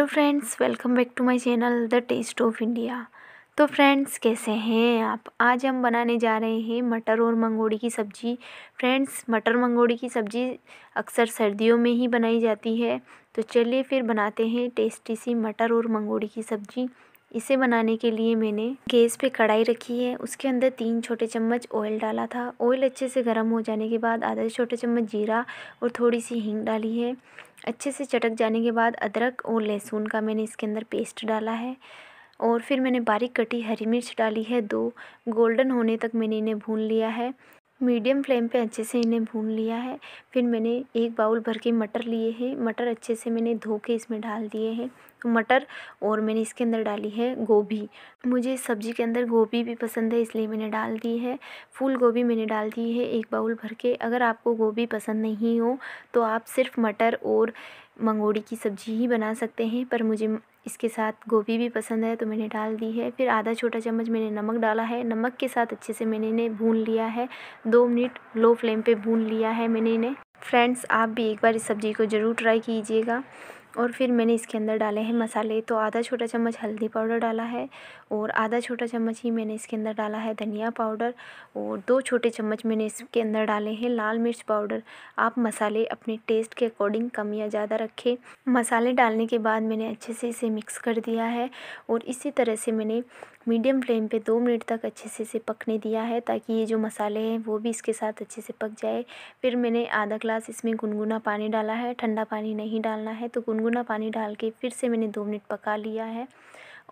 hello friends welcome back to my channel the taste of India तो friends कैसे हैं आप आज हम बनाने जा रहे हैं मटर और मंगोड़ी की सब्ज़ी फ्रेंड्स मटर मंगोड़ी की सब्ज़ी अक्सर सर्दियों में ही बनाई जाती है तो चलिए फिर बनाते हैं टेस्टी सी मटर और मंगोड़ी की सब्ज़ी इसे बनाने के लिए मैंने गैस पे कढ़ाई रखी है उसके अंदर तीन छोटे चम्मच ऑयल डाला था ऑयल अच्छे से गर्म हो जाने के बाद आधा छोटे चम्मच जीरा और थोड़ी सी हींग डाली है अच्छे से चटक जाने के बाद अदरक और लहसुन का मैंने इसके अंदर पेस्ट डाला है और फिर मैंने बारीक कटी हरी मिर्च डाली है दो गोल्डन होने तक मैंने इन्हें भून लिया है मीडियम फ्लेम पे अच्छे से इन्हें भून लिया है फिर मैंने एक बाउल भर के मटर लिए हैं मटर अच्छे से मैंने धो के इसमें डाल दिए हैं मटर और मैंने इसके अंदर डाली है गोभी मुझे इस सब्ज़ी के अंदर गोभी भी पसंद है इसलिए मैंने डाल दी है फूल गोभी मैंने डाल दी है एक बाउल भर के अगर आपको गोभी पसंद नहीं हो तो आप सिर्फ मटर और मंगोड़ी की सब्ज़ी ही बना सकते हैं पर मुझे इसके साथ गोभी भी पसंद है तो मैंने डाल दी है फिर आधा छोटा चम्मच मैंने नमक डाला है नमक के साथ अच्छे से मैंने इन्हें भून लिया है दो मिनट लो फ्लेम पे भून लिया है मैंने इन्हें फ्रेंड्स आप भी एक बार इस सब्ज़ी को ज़रूर ट्राई कीजिएगा और फिर मैंने इसके अंदर डाले हैं मसाले तो आधा छोटा चम्मच हल्दी पाउडर डाला है और आधा छोटा चम्मच ही मैंने इसके अंदर डाला है धनिया पाउडर और दो छोटे चम्मच मैंने इसके अंदर डाले हैं लाल मिर्च पाउडर आप मसाले अपने टेस्ट के अकॉर्डिंग कम या ज़्यादा रखें मसाले डालने के बाद मैंने अच्छे से इसे मिक्स कर दिया है और इसी तरह से मैंने मीडियम फ्लेम पे दो मिनट तक अच्छे से इसे पकने दिया है ताकि ये जो मसाले हैं वो भी इसके साथ अच्छे से पक जाए फिर मैंने आधा ग्लास इसमें गुनगुना पानी डाला है ठंडा पानी नहीं डालना है तो गुन गुनगुना पानी डाल के फिर से मैंने दो मिनट पका लिया है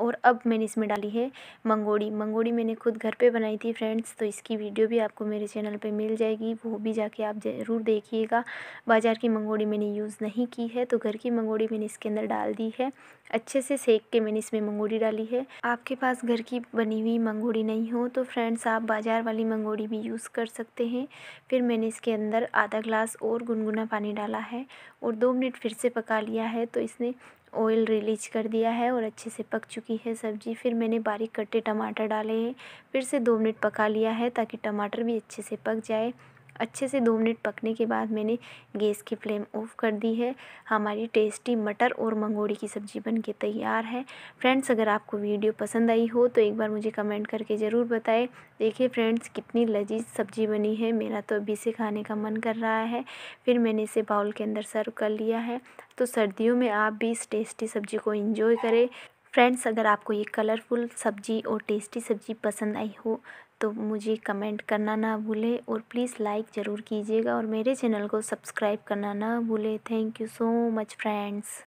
और अब मैंने इसमें डाली है मंगोड़ी मंगोड़ी मैंने खुद घर पे बनाई थी फ्रेंड्स तो इसकी वीडियो भी आपको मेरे चैनल पे मिल जाएगी वो भी जाके आप ज़रूर देखिएगा बाज़ार की मंगोड़ी मैंने यूज़ नहीं की है तो घर की मंगोड़ी मैंने इसके अंदर डाल दी है अच्छे से सेक के मैंने इसमें मंगोड़ी डाली है आपके पास घर की बनी हुई मंगोड़ी नहीं हो तो फ्रेंड्स आप बाज़ार वाली मंगोड़ी भी यूज़ कर सकते हैं फिर मैंने इसके अंदर आधा ग्लास और गुनगुना पानी डाला है और दो मिनट फिर से पका लिया है तो इसने ऑयल रिलीज कर दिया है और अच्छे से पक चुकी है सब्ज़ी फिर मैंने बारीक कटे टमाटर डाले हैं फिर से दो मिनट पका लिया है ताकि टमाटर भी अच्छे से पक जाए अच्छे से दो मिनट पकने के बाद मैंने गैस की फ्लेम ऑफ़ कर दी है हमारी टेस्टी मटर और मंगोड़ी की सब्ज़ी बन के तैयार है फ्रेंड्स अगर आपको वीडियो पसंद आई हो तो एक बार मुझे कमेंट करके ज़रूर बताएं देखिए फ्रेंड्स कितनी लजीज सब्ज़ी बनी है मेरा तो अभी से खाने का मन कर रहा है फिर मैंने इसे बाउल के अंदर सर्व कर लिया है तो सर्दियों में आप भी इस टेस्टी सब्ज़ी को इन्जॉय करें फ्रेंड्स अगर आपको ये कलरफुल सब्ज़ी और टेस्टी सब्ज़ी पसंद आई हो तो मुझे कमेंट करना ना भूले और प्लीज़ लाइक ज़रूर कीजिएगा और मेरे चैनल को सब्सक्राइब करना ना भूले thank you so much friends